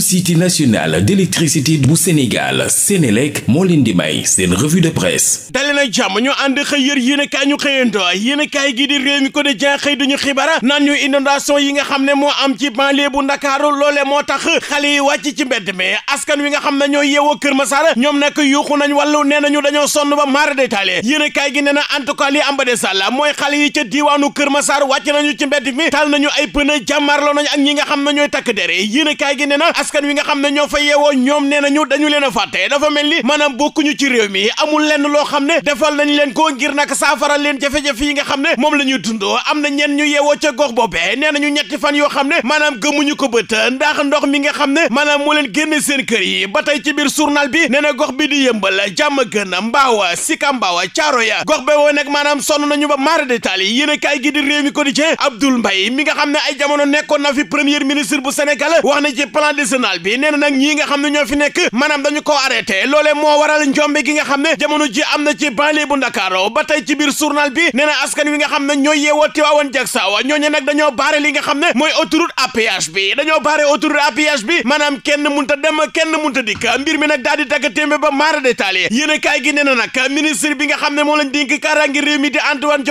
société nationale d'électricité bu Sénégal Sénélec moo leen di may seen revue de presse dali na jàmm ñu ànd xëy yër yéenekaay ñu xëyanto yéenekaay gi di réew mi ko de jen xëy duñu xibara naan ñu inondation yi nga xam ne moo am ci banlieue bu Ndakaaru loole moo tax xale yi wàcc ci mbedd mi askan wi nga xam ne ñoo yeewoo Kër Masaar ñoom nag yuuxu nañ wàllu nee nañu dañoo sonn ba maara détaillé yéenekaay gi nee na en tout cas li am ba de sàlla mooy xale yi ca diiwaanu Kër Masaar wàcc nañu ñi nga xam ne ñooy takk dere yéenekaay askan wi nga xam ne ñoo fa yeewoo ñoom nee ñu dañu leen a fàtte dafa mel ni maanaam bokkuñu ci réew mi amul lenn loo xam ne defal nañ leen ko ngir nag saafara leen jafe-jafe yi nga xam ne moom la ñuy dund am na ñenn ñu yeewoo ca gox boobee nee nañu ñetti fan yoo xam ne maanaam gëmuñu ko bët ndax ndox mi nga xam ne maanaam moo leen génne seen kër yi ba tey ci biir journal bi nee na gox bi di yëmbal jàmm gën mbaawa sikambaawa caaro ya gox be woo nag maanaam sonn nañu ba maara détaal yi yéen a kaay gi di réew mi mi nga xam ne ay jamono nekkoon na fi premier ministre bu Sénégal wax na national bi nee na nag ñii nga xam ne ñoo fi nekk maanaam dañu ko arrêté loolee moo waral njombe gi am na ci ba tey ci biir journal bi nee na askan wi nga na nag ministre bi nga xam ne moom lañ dénk kaaraange réew mi di Antoine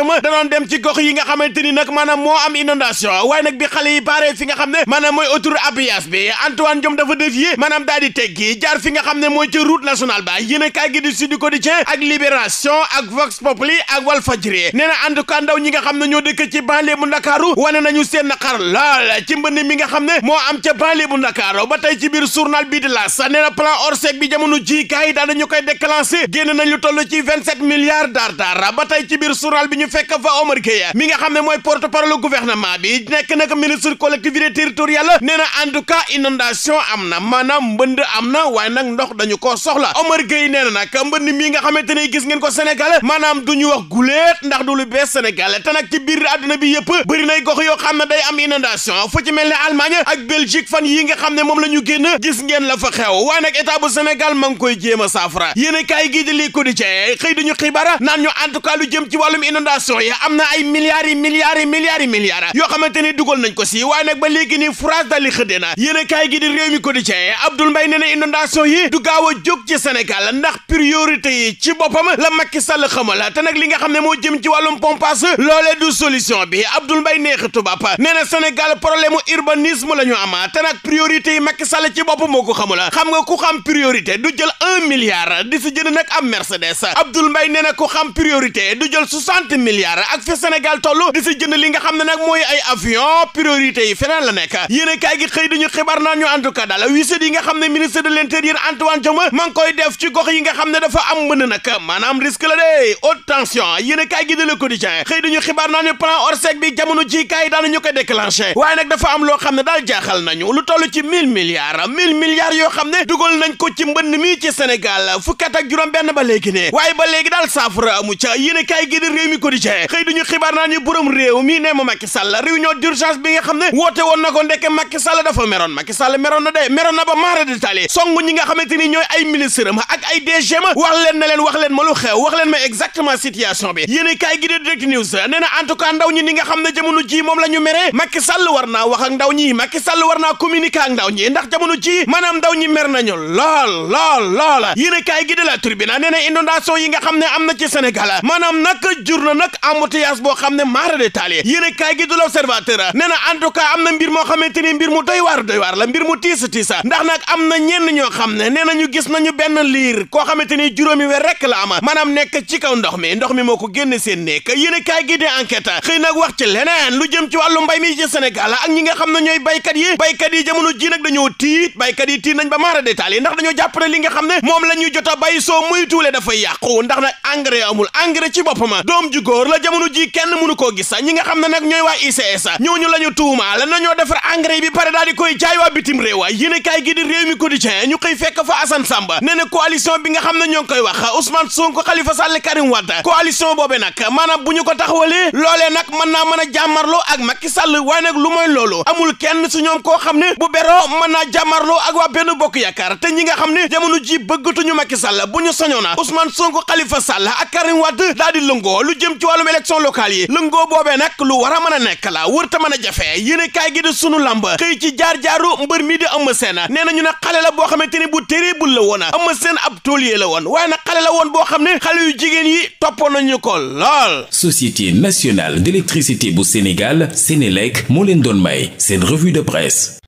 ni nag maanaam moo am inondation waaye nag bi xale yi baare nga xam ne maanaam mooy autoroute à péage bi Antoine Diome dafa dévier maanaam daal di teggi jaar fi nga xam ne mooy ci route nationale ba yéen a gi di Sud Quotidien ak Libération ak Vox Populi ak Walfadjri nee na en ndaw ñi nga xam ne ñoo dëkk ci banlieue bu Ndakaaru wane nañu seen naqar lool ci mbënd mi nga xam ne moo am ca banlieue bu Ndakaaru ba tey ci biir journal bi di L'As nee na plan Orsec bi jamono ji kaay yi daal dañu koy déclenché génn nañu toll ci vingt-sept milliards dardara ba tey inondation am na maanaam mbënd am na waaye nag ndox dañu ko soxla Omar Gueye nee na nag mbënd mii nga xamante ne gis ngeen ko Sénégal maanaam du ñu wax guleet ndax du lu bees Sénégal te nag ci biir àdduna bi yëpp bëri nay gox yoo xam ne day am inondation fu ci mel ne Allemagne ak Belgique fan yi nga xam ne moom la ñu génn gis ngeen la fa xew waaye nag état bu Sénégal ma ngi koy jéem a saafara yéen a kaay gii di lii ko di cee xëy dañu xibaar naan ñu en tout cas lu jëm ci wàllum inondation yi am na ay milliards yi milliards yi xamante ni dugal nañ ko si waaye ba léegi ni France dali xëddee na yéen a di réew mi quotidien Abdoul Mbaye nee na inondation yi du gaaw a jóg ci Sénégal ndax priorité yi ci boppam la Macky Sall xamal te nag li nga xam ne moo jëm ci wàllum pompage loolee du solution bi Abdoul Mbaye neex tubaab nee na Sénégal problème urbanisme la ñu am te nag priorité yi Macky Sall ci bopp moo ko xamul xam nga ku xam priorité du jël un milliard di si jënd nag am Mercedes Abdoul Mbaye nee na ku xam priorité du jël soixante milliards ak fi Sénégal toll di si jënd li nga xam ne nag mooy ay avion priorité yi feneen la nekk en tout cas daal visite yi xam ne ministre de l'intérieur Antoine Diome ma koy def ci gox yi nga xam ne dafa am mbënd nag maanaam risque la de haute tension yéen a kaay gi de Le Quotidien xëy dañu xibaar naa ñu plan Orsec bi jamono ji kaay daanañu ko déclenché waaye nag dafa am loo xam ne daal jaaxal nañu lu toll ci mille milliards mille milliards yoo xam ne dugal nañ ko ci mbënd mi ci Sénégal fukkat ak juróom benn ba léegi ne waaye ba léegi daal saafara amu ca yéen a meroon na de meroon ba maara di tali song ñi nga xamante ni ñooy ay ministre ma ak ay DG ma wax leen na wax leen ma lu xew wax leen ma exactement situation bi yéen kaay gi de direct news na en tout cas ndaw ñi ni nga xam ne jamono ji moom la ñu mere Macky Sall war naa wax ak ndaw ñi Macky Sall war naa communiquer ak ndaw ñi ndax jamono ji maanaam ndaw ñi mer nañu lool lool lool yéen kaay gi la tribune nee na inondation yi nga xam ne am na ci Sénégal maanaam nag jur na nag embouteillage boo xam ne maara di tali yéen kaay gi de l'observateur nee na moo xamante ni mbir mu doy waar doy waar bu tiisa tiisa ndax nag am na ñenn ñoo xam ne nee nañu gis nañu benn liir koo xamante ni juróomi weer rek la ama maanaam nekk ci kaw ndox mi ndox mi moo ko génne seen nekk yéen a kaay gi di enquête xëy wax ci leneen lu jëm ci wàllu mbay mi ci Sénégal ak ñi nga xam na ñooy baykat yi baykat yi jamono ji nag dañoo tiit baykat yi tiit nañ ba maara détail yi ndax dañoo jàpp ne li nga xam ne moom la ñu jot bay soo muy tuule dafay yàqu ndax nag engrais amul engrais ci boppam doom ju góor la jamono ji koo gis ñi nga xam ne nag ñooy la ñu réew yéen a kaay gi di réew mi quotidien ñu xëy fekk fa Assane Samba nee na coalition bi nga xam ne ñoo ngi koy wax Ousmane Sonko Khalifa Sall Karim Wade coalition boobee nag maanaam bu ñu ko taxawalee loolee nag mën naa mën a jàmmarloo ak Macky Sall waaye nag lu mooy loolu amul kenn su ñoom koo xam ne bu beroo mën naa jàmmarloo ak waa benn bokk yaakaar te ñi nga xam ne jamono ji bëggatuñu Macky Sall bu ñu soñoona Ousmane Sonko Khalifa Sall ak Karim Wade daal di lëngoo lu jëm ci wàllum a a nekk la wër te mën a a mii di Eumeu Sène nee na ñu ne xale la boo xamante ni bu terrible la woon a Sène ab taulier la woon waaye na xale la woon boo xam ne xale yu jigéen yi toppoon nañu ko lool. Société nationale d'électricité bu Sénégal Sénélec moo leen doon may seen revue de presse.